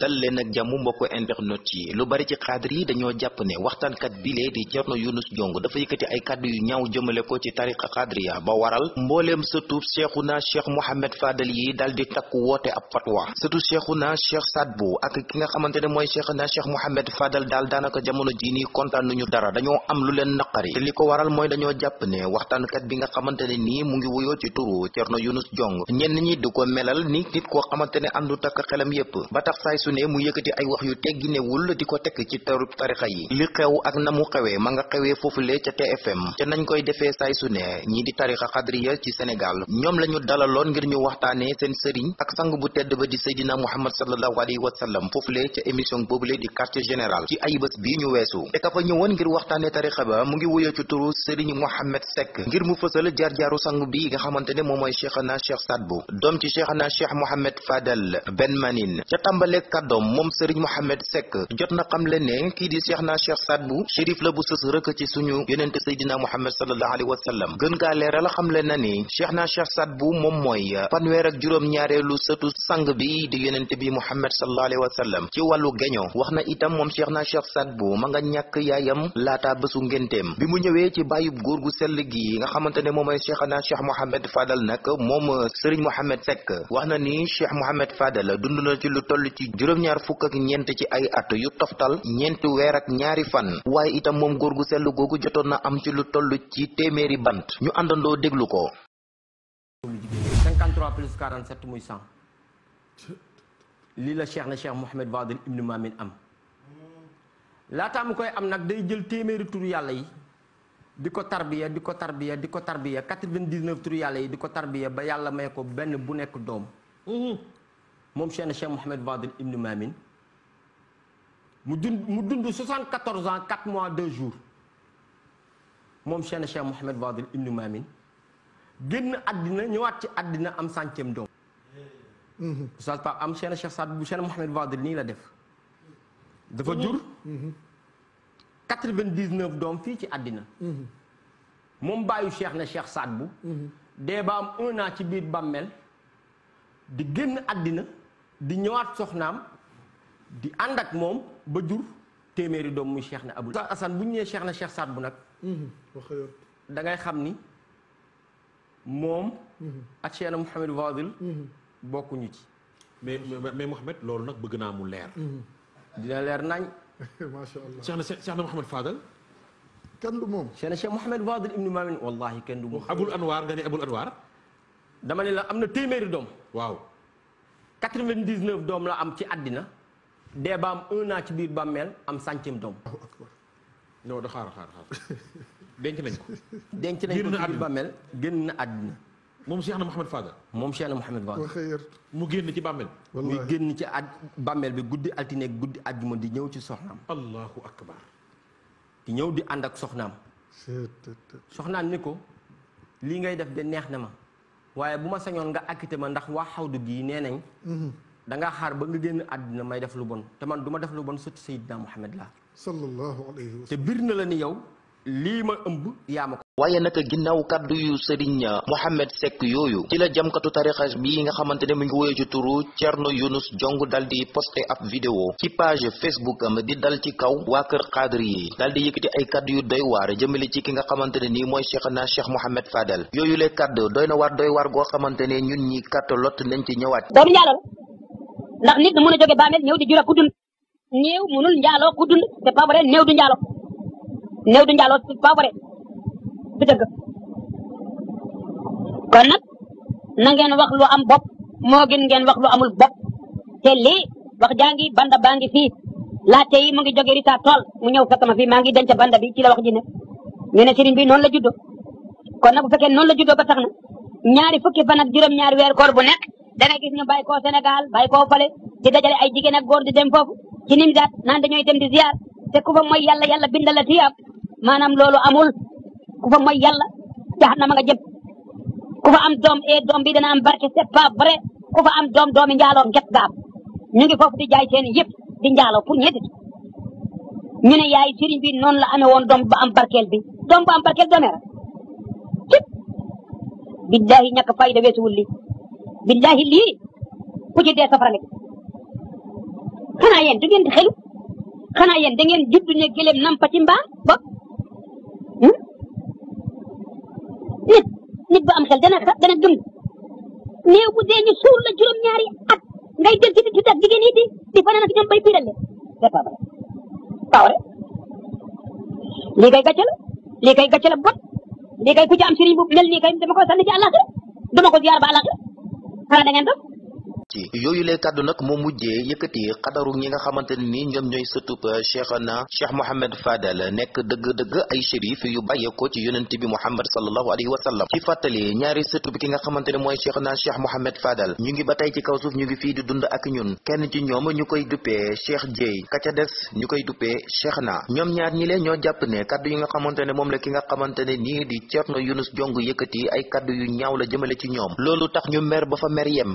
dal leen ak jàmm mbokk internet yi lu bari ci xaadir yi dañoo jàpp ne waxtaankat bilee di Cerno Yunus Jong dafa yëkkati ay kàddu yu ñaaw jëmale ko ci tariqa xaadiriya ba waral mbooleem sëtub Seexuna Cheikh Mohammed Fadal yi dal di takk woote ab fatwa sëtu Seexuna Cheikh bu ak ki nga xamante ne mooy Seexuna Cheikh Mohammed Fadal daal daanaka jamono jii nii kontaan nañu dara dañoo am lu leen naqari te li ko waral mooy dañoo jàpp ne waxtaankat bi nga xamante ne nii mu ngi wuyoo ci turu Cerno Yunus Jong ñenn ñi di ko melal ni nit koo xamante ne àndu takk xelam yépp su ne mu yëkkati ay wax yu tegginewul di ko tekk ci terub tarixa yi li xew ak na mu xewee ma nga xewee foofule ca TFM ca nañ koy defee saay su ne ñi di tarixa xadriya ci Sénégal ñoom la ñu dalaloon ngir ñu waxtaanee seen sëriñ ak sang bu tedd ba di Seydina Muhammad sallallahu alayhi wa sallam foofule ca émission boobule di quartier général ci ay bés bi ñu weesu te ka fa ñëwoon ngir waxtaanee tarixa ba mu ngi wuyoo ci turu Serigne Mohamed Seck ngir mu fësal jaar jaaru sang nga xamante ne moom mooy Cheikhana Cheikh Sadbu doom ci Cheikhana Cheikh Mohamed Fadel Ben Manin kàddoom moom Serigne Mohamed Seck jot na xamle ne kii di Cheikh na Cheikh Sadbu shérif la bu sës rëkk ci suñu yonente Seydina Mohamed sallallahu alayhi wa sallam gën gaa leeral xamle na ni Cheikh na Cheikh Sadbu moom mooy fanweer ak juróom-ñaareelu sëtu sang bi di yonente bi na itam moom Cheikh na Cheikh Sadbu ma nga ñàkk yaayam laata bésu ngénteem bi mu ñëwee ci bàyyub góor gu sell gi nga xamante ne moom mooy Cheikh na Cheikh Mohamed Fadal nag moom Serigne Mohamed Seck wax na ni Cheikh Mohamed Fadal dund na ci lu toll juróom-ñaar fukk ak ci at yu toftal ñeenti weer ak ñaari fan waaye itam moom jotoon na am ci lu toll ci téeméeri ñu àndandoo déglu ko. lii la cheikh na cheikh Mouhamed Fadel Ibn Mamin am laataa mu koy am nag day jël téeméeri tur yàlla yi di ko tarbiya di ko tarbiya di ko tarbiya 99 tur yàlla yi di ko tarbiya ba yàlla may ko benn bu nekk doom. moom Cheikh na Cheikh Mouhamed Fadel Ibn Mamin mu dund mu dund 74 ans mois 2 jours moom Cheikh na Cheikh Mouhamed Fadel Ibn Mamin génn àddina ñëwaat ci àddina am centième doom. oustaz Pape am Cheikh na Cheikh Saad bu Cheikh na Mouhamed Fadel nii la def. dafa jur. 99 doom fii ci àddina. moom bàyyu Cheikh na Cheikh Saad bu. dee ba ci biir bàmmeel di génn àddina. di ñëwaat soxnaam di ànd moom ba jur téeméeri doom muy Cheikh na Abul Asan bu ñu nee Cheikh na Cheikh Saad bu nag. Mm-hmm. da ngay xam ni moom. Mm-hmm. ak Cheikh na Mouhamed Fadil. Mm-hmm. bokkuñu ci. mais mais Mouhamed loolu nag bëgg naa mu leer. dina leer nañ. macha allah Cheikh na Cheikh na Mouhamed Fadal. kenn du moom Cheikh na Cheikh Mouhamed Fadil ibnu Maamin wallahi kenn du moom. Abul Anwar nga ne Abul Anwar. dama ne la am na téeméeri doom. 99 doom la am ci àddina dee ba am un an ci biir bàmmeel am centième doom. non da xaar xaar xaar denc nañ ko. denc nañ ko ci biir bàmmeel génn na àddina. moom Cheikh na Mouhamed Fadal. moom Cheikh na Mouhamed Fadal. mu génn ci bàmmeel. muy génn ci at bàmmeel bi guddi altine guddi àjjuma di ñëw ci soxnaam. allahu akbar. di ñëw di ànd ak soxnaam. soxnaam ni ko lii ngay def de neex na ma. waaye bu ma sañoon nga acquitté ma ndax waa xawdu gii nee nañ mhm. da nga xaar ba nga génn àddina may def lu bon te man duma def lu bon surtout Seydina Muhammad la sallallahu alayhi wa sallam te bir na la ni yow lii ma ëmb yaa ma ko waaye naka ginnaaw kàddu yu sëriñ Mohamed Seck yooyu ci la jamkatu tarixa bi nga xamante ne mu ngi woyee ci turu Cerno Yunus Jong dal di posté ab vidéo ci page Facebook am di dal ci kaw waa kër xaadir yi dal di yëkkati ay kàddu yu doy waar jëmale ci ki nga xamante ne nii mooy Cheikhna Cheikh Mohamed Fadel yooyu le kàddu doy na waar doy waar goo xamante ne ñun ñi kàtt lot nañ ci ñëwaat doomu njaaloo ndax nit mën a jóge bàmmeel ñëw di jura ku dund néew du dëgg kon nag na ngeen wax lu am bopp moo gën ngeen wax lu amul bopp te lii wax jaa ngi banda baa ngi fii laajte yi mu ngi jóge rita tool mu ñëw fekk ma fii maa ngi denc banda bi ci la wax ji ne ñu bi noonu la juddoo kon nag bu fekkee noonu la juddoo ba tax na ñaari fukki fan ak juróom-ñaari weer bu nekk dana gis ñu bàyyi koo Sénégal bàyyi ko fale di dajale ay jigéen ak góor di dem foofu ci nim daat naan dañooy dem di ziar te ku fa mooy yàlla yàlla ku fa mooy yàlla jahannama nga jëm ku fa am doom e doom bi dana am barke c'est pas vrai ku fa am doom doomi njaaloo nget gaab ñu ngi foofu di jaay seen yëpp di njaaloo pour ñetti ñu ne yaay sëriñ bi noonu la amee woon doom ba am barkeel bi doom ba am barkeel doomee rek cëp billahi fayda weesuwul lii billahi lii ku ci dee safara la xanaa yéen du ngeen xelu xanaa yéen da ngeen judd ne gëléem nampa ci mbaam déet nit bu am xel dana dana gëm néew bu dee ñu suur la juróom-ñaari at ngay jël ci di ak jigéen yi di di fanaan ak ñoom bay biirale c'est pas vrai pas vrai bot lii ku ci bu mel nii kay dama koy sànni ci àllaaxira ko ziyaar ba àllaaxira xanaa da ci yooyu lee kàddu nag moo mujjee yëkkati xadaru ñi nga xamante ne ni ñoom ñooy sëtub cheikh na cheikh mohammed fadal nekk dëgg-dëgg ay chérif yu bàyyeekoo ci yonent bi muhammad sallallahu alayhi wa sallam ci fàttali ñaari sëtub ki nga xamante ne mooy cheikh na cheikh mohammed fadal ñu ngi ba tey ci kaw suuf ñu ngi fii di dund ak ñun kenn ci ñoom ñu koy duppee cheikh jéy ka des ñu koy duppee cheikh na ñoom ñaar ñi lee ñoo jàpp ne kàddu yi nga xamante ne moom la ki nga xamante ne nii di Cerno Yunus Jong yëkkati ay kàddu yu ñaaw la jëmale ci ñoom loolu tax ñu mer ba fa mer yem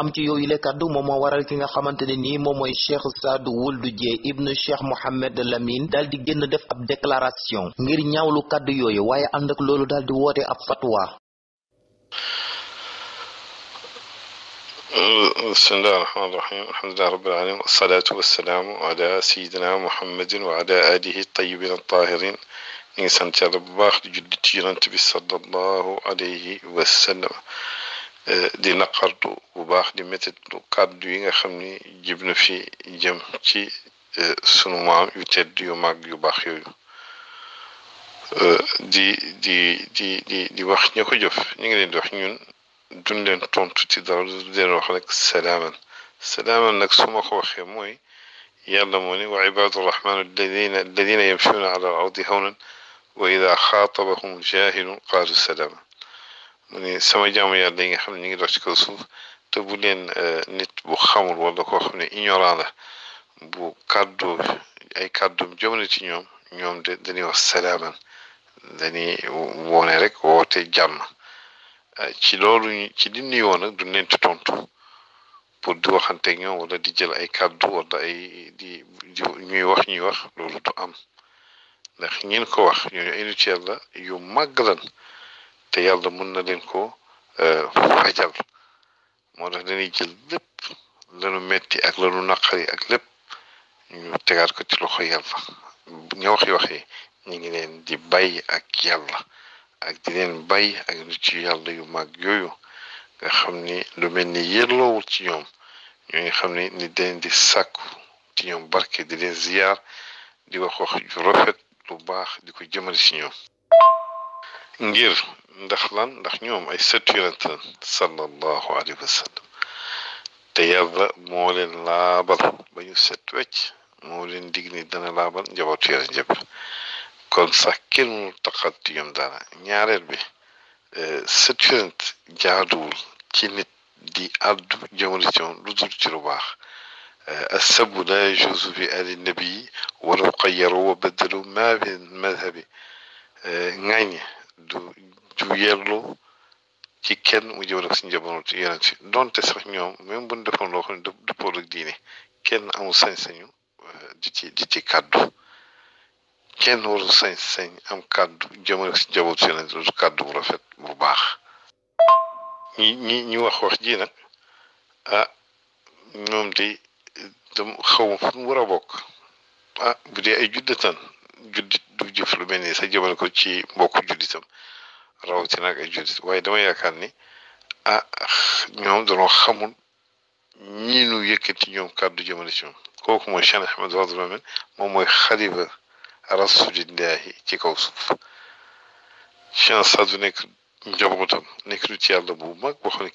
am ci yooyu le kàddu moom moo waral ki nga xamante ne nii moom mooy cheikh saadu wuldu jee ibnu cheikh mohammed lamine daal di gën def ab déclaration ngir lu kàddu yooyu waaye ànd ak loolu daal di woote ab fatwa euh, bismillahi rahmaani rahim alhamdulillahi rabbil bu baax di julli ci yonent bi sallallahu alayhi wa Eh, di naqartu bu baax di métitlu kàddu yi nga xam ni jib na fi jëm ci eh, sunu maam yu tedd yu mag yu baax yooyu eh, di di di di di wax ña ko jëf ñu ngi leen di wax ñun duñ leen tontu ci dara du leen wax rek salaaman salaaman nag su ma ko waxee mooy yàlla moo ne wa ibaadu rahmaan alladina alladina yamshuuna ala al ardi hawnan wa ida xaatabahum jaahilun qaalu salaama mu sama jaamu yàlla yi nga xam ne ñu ngi dox ci kaw suuf te bu leen euh, nit bu xamul wala ko xam ne ignorant la bu kàddu ay kàddum jëmale ci ñoom ñoom de dañuy wax salaaman dañuy woone rek woote jàmm euh, ci loolu ci li nuy nag du leen ci tontu pour di waxanteeg ñoom wala di jël ay kàddu wala ay di di ñuy wax ñuy wax loolu du am ndax ñin ko wax ñooñu ay nit yàlla yu màgg lan te yàlla mun na leen ko euh, fajal moo tax dañuy jël lépp lanu metti ak lanu naqari ak lépp ñu tegaat ko ci loxo yàlla ña waxi waxi ñu ngi leen di bay ak yàlla ak di leen bàyyi ak nit yu yàlla yu mag yooyu nga xam ni lu mel ni yelloowul ci ñoom ñoo nga xam ni ni dañ di sàkku ci ñoom barke di leen ziyaar di wax wax ju lu baax di ko jëmale ci ñoom ngir ndax lan ndax ñoom ay sët yonent la sallallahu alayhi wa sallam te yàlla moo leen laabal ba ñu set wecc moo leen dig ni dana laabal njabootu yonent yëpp kon sax kenn taqat ci ñoom daana ñaareel bi euh, sët yonent jaaduwul ci nit di àddu jëmale ci moom lu dul ci lu baax euh, assabu la yajuuzu fi ali nabii walaw xayaru wa baddalu ma fi madhabi euh, ŋàññ du ci yellu ci kenn mu jëm rek si njaboot yeneen si donte sax ñoom même bu ñu defoon loo xam ne dëppoo la diine kenn amul sañ-sañu euh, di ci di ci kàddu kenn warul sañ-sañ am kàddu jëm rek si njaboot yeneen si rafet bu baax. ñi ñi wax wax ji nag ah ñoom di xaw ma fu war a bokk ah bu dee ay juddatan juddit du jëf lu mel ni sa jëmale ko ci mbokk judditam. rawatina ak ay jullit waaye dama yaakaar ni ah ñoom dañoo xamul ñii nu yëkkati ñoom kàddu jëmale ci ñoom kooku mooy Cheikh Ahmed Wahid Lamine moom mooy xalifa rasulillahi ci kaw suuf Cheikh Sadou nekk njabootam nekk du ci yàlla bu mag boo xam ne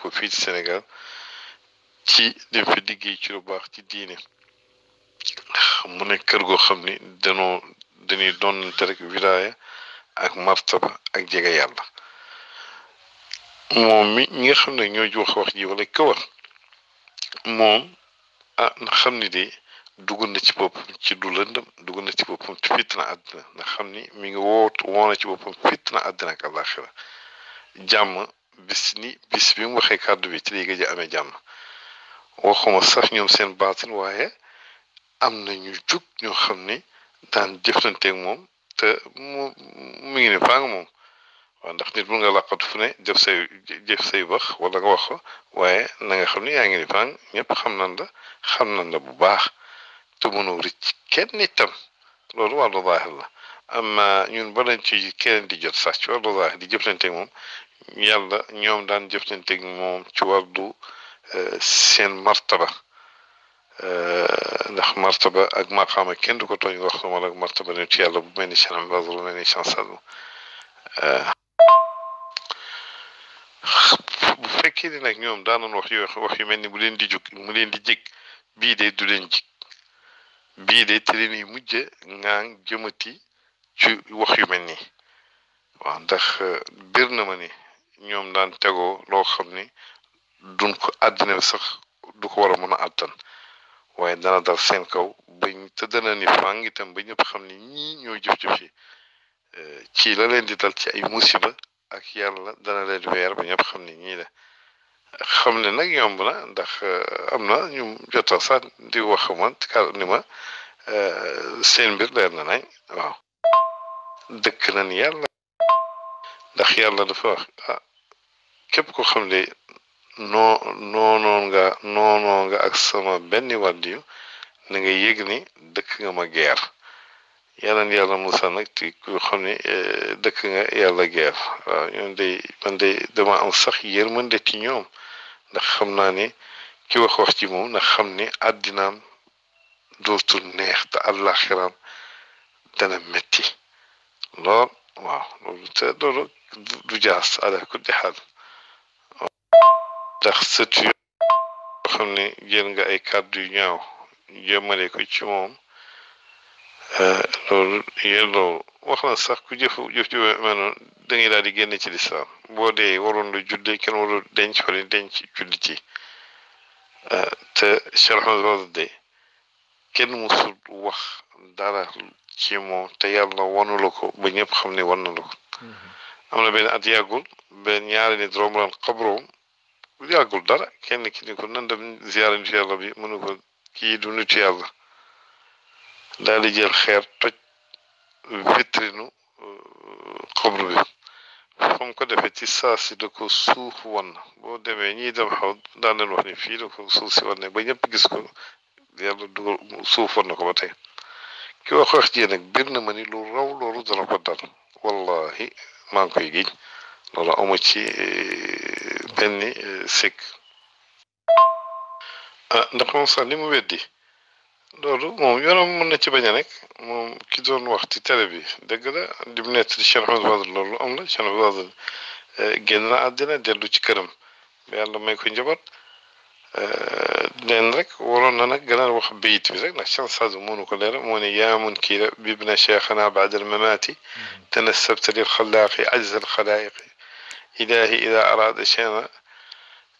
ko fii ci Sénégal ci dem fi ci lu baax ci diine mu nekk kër goo xam ni danoo dañuy doonante rek wilaaya ak martaba ak jege yàlla moom mi ñi nga xam ne ñoo ji wax wax ji wala ko wax moom ah na xam ni de dugg na ci boppam ci du lëndëm dugg na ci boppam ci fitna àddina na xam ni mi ngi woot woona ci boppam na àddina ak àllaaxira jàmm bis ni bis bi mu waxee kàddu bi ci lay gëj a amee jàmm waxuma sax ñoom seen baatin waaye am na ñu jug ñoo xam ni daan jëflanteeg moom te mu mu ngi ni faa moom waaw ndax nit mun nga làqatu fu ne jëf say jëf say wax wala nga wax waaye na nga xam ni yaa ngi ni faa ñëpp xam nañ la xam nañ la bu baax te mënoo rëcc kenn itam loolu wàllu zaahir la am amma ñun ba nañ ci keneen di jot sax ci wàllu zaahir di jëf jëflanteeg moom yàlla ñoom daan jëf jëflanteeg moom ci du euh, seen martaba ndax martaba ak maqaama kenn du ko tooñ wax ma nag martaba nit yàlla bu mel ni Cheikh Ahmed bu mel ni Cheikh Sadou bu fekkee ni nag ñoom daanoon wax yu wax yu mel ni mu leen di jug mu leen di jig bii de du leen jig bii de te leen yi mujje ngaa ci wax yu mel nii waaw ndax uh, bir na ma ni ñoom daan tegoo loo xam ni duñ ko àddina bi sax du ko war mën a àttan waaye dana dal seen kaw bañ te dana ni fang itam ba ñëpp xam ni ñii ñoo jëf-jëf yi eh, ci la leen di dal ci ay musiba ak yàlla dana leen weer ba ñëpp xam ne ñii la xam ne nag yomb na ndax eh, am na ñu jota sax di wax ma ni ma eh, seen mbir leer na nañ waaw dëkk nañ yàlla ndax yàlla dafa wax ah képp ko xam ne noo noonoon nga noonoo nga ak sama benn wàddiyu na nga yëg ni dëkk nga ma geer yàllan yàlla Musa nag ci ku xam ne eh, dëkk nga yàlla geer waaw ñoom day man day dama am sax yërmande ci ñoom ndax xam naa ni ki wax wax ci moom ndax xam ni àddinaam dootul neex te àllaaxiraam dana metti lool waaw loolu te loolu du jaas ala kulli xaal tax sët xam ne jël nga ay kàddu yu ñaaw jëmale ko ci moom eh, loolu yéen wax na sax ku jëf jëf ju mel noonu da ngay di génn ci lislaam boo dee waroon lu julli kenn warul denc wala denc julli ci eh, te Cheikh Ahmed de wax dara ci te yàlla wanu la ko ba ñëpp xam ne wan na la mm-hmm. am na benn at yàggul benn ñaari nit romb bu yàggul dara kenn ki ni ko nan dem ziyaara nitu yàlla bi mu ne ko kii du nitu yàlla daal di jël xeer toj vitrinu xabru bi fu mu ko defee ci saa si da ko suuf wan boo demee ñiy dem xaw daan leen wax ni fii da ko suuf si wan ne ba ñëpp gis ko yàlla dugal suuf wan na ko ba tey ki wax wax jii nag bir ma ni lu raw loolu ko dal wallahi maa ngi koy loolu amu ci benn sikk ah ndax moom sax li mu weddi loolu moom yoonam mën na ci bañ a nekk moom ki doon wax ci télé bi dëgg la di mu nekk ci Cheikh Ahmadou Fadel loolu am na Cheikh Ahmadou Fadel eh, génn na àddina dellu ci këram ba yàlla may ko njaboot leen eh, rek waroon na nag gën a wax bayit bi rek ndax Cheikh Saadu mënu ko leeral moo ne yaa munkira bibna cheikhana baadal mamaati mhm. tanassabta lil xalaaqi ilahi ida arada shay'an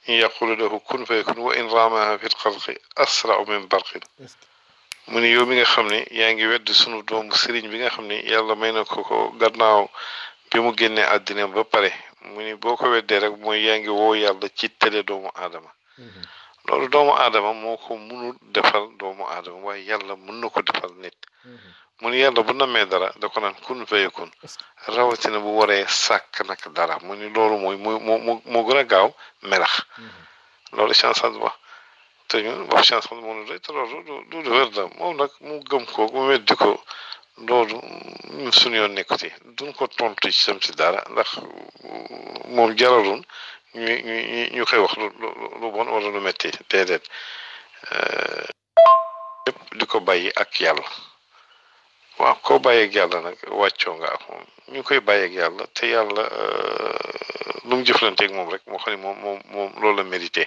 an yaqulu lahu kun fayakun wa in ramaha fi lxalqi asrau min barqin mu ne yow mi nga xam ne yaa ngi wedd sunu doomu sëriñ bi nga xam ne yàlla may na ko ko gannaaw bi mu génnee àddina ba pare mu boo ko weddee rek mooy yaa ngi woo yàlla ci tële doomu aadama mhm. loolu doomu aadama moo ko munul defal doomu aadama waaye yàlla mën na ko defal nit mhm. mun yàlla bu namee dara da ko naan kun fayakun rawatina bu waree sàkk nag dara mu ni loolu mooy moo moo moo gën a gaaw melax mm-hmm. loolu chance ba te ñun wax chance moo moom nag mu gëm ko mu weddi ko loolu ñun suñu yoon nekku ci duñ ko tontu ci sam si dara ndax moom jaraloon ñu ñu ñu koy wax lu lu bon wala lu metti déedéet yëpp di ko bàyyi ak yàlla waaw koo bàyyeeg yàlla nag wàccoo nga ak moom ñu koy bàyyeeg yàlla te yàlla euh, lu mu jëflanteeg moom rek moo xam ne moom moom moom loolu la mérité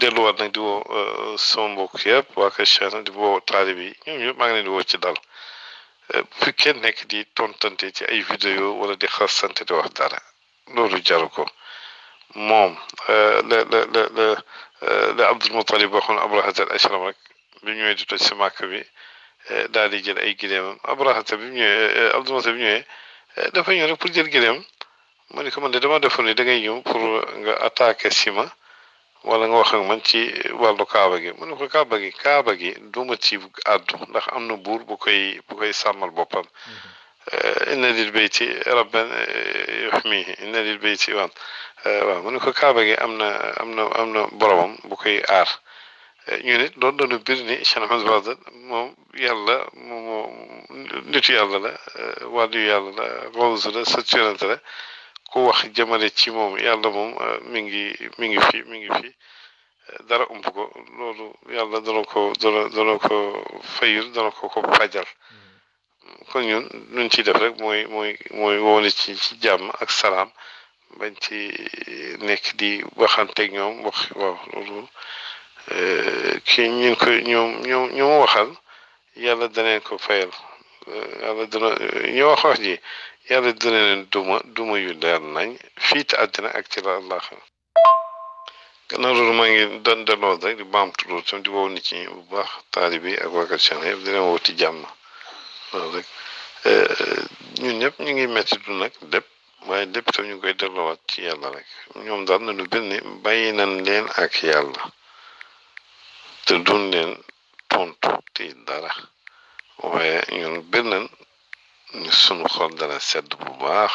delluwaat nag di woo euh, sama mbokk yëpp waa kër Cheikh di woo taalibe yi maa ngi leen di woo ci dal fi euh, kenn nekk di tontante ci ay vidéo wala di xasante di wax dara loolu jaru ko moom la la la la la Abdul Mutalib waxoon Abraha al ashram rek bi ñëwee di si màkk bi E, daal di jël ay gileemam abrahata bi mu ñëwee e, abdumata bi ñëwee e, dafa ñëw pour jël gileem ma ni ko man de dama defoon ni da ngay ñëw pour nga attaqué si ma wala nga wax ak man ci wàllu kaaba gi mu ne ko kaaba gi kaaba gi duma ci ndax am na buur bu koy bu koy sàmmal boppam mhm. inna lil bayti rabban yuhmihi inna lil bayti waaw mu ko kaaba gi am na am na am na boromam bu koy aar ñu ne loolu doonu bir ni Cheikh Ahmed moom yàlla moom moo nitu yàlla la euh, wàllu yàlla la gawsu la sët yonente la ku wax jëmale ci moom yàlla moom euh, mi ngi mi ngi fi mi ngi fi dara ump ko loolu yàlla dana ko dana dana ko fayul dana ko ko fajal kon ñun luñ ciy def rek mooy mooy mooy woone ci ci jàmm ak salaam bañ ci euh, nekk di waxanteeg ñoom wax waaw Euh, kii ñu ko ñu ñu waxal yàlla daneen ko fayal euh, yàlla dana ñu wax wax ji yàlla dina duma duma yu leer nañ fii ci àddina ak ci la allah gannaaw loolu maa ngi doon delloo rek di baamtu loolu wow nit ñi bu baax taalibe yi ak wakkat seen yëpp di leen woti jàmm loolu euh, ñun ñëpp ñu ngi metti du nag lépp waaye lépp tam ñu ngi koy delloowaat ci yàlla rek ñoom daal nañu benn bàyyi nañ leen ak yàlla te duñ leen tontu te dara waaye ñun beneen ñu sunu xol dana sedd bu baax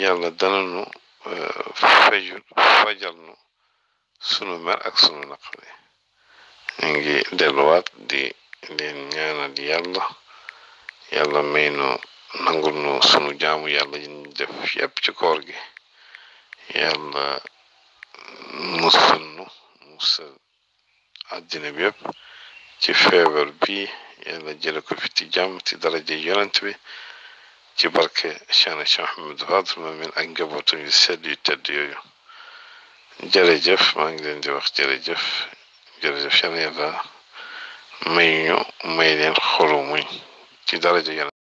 yàlla dana nu eh, fajal nu sunu mer ak sunu naqari ñu ngi delluwaat di leen ñaanal yàlla yàlla may nu sunu jaamu yàlla yi def yépp ci koor gi yàlla musal nu musal àddina bi yëpp ci feebar bi yàlla jële ko fi ci jàmm ci daraje yonent bi ci barke Cheikhna Cheikh Ahmadou Fadel Mamin ak njabootam yu sedd yu tedd yooyu jërëjëf maa ngi leen di wax jërëjëf jërëjëf yàlla yàlla may ñu may leen xolu muñ ci daraje yonent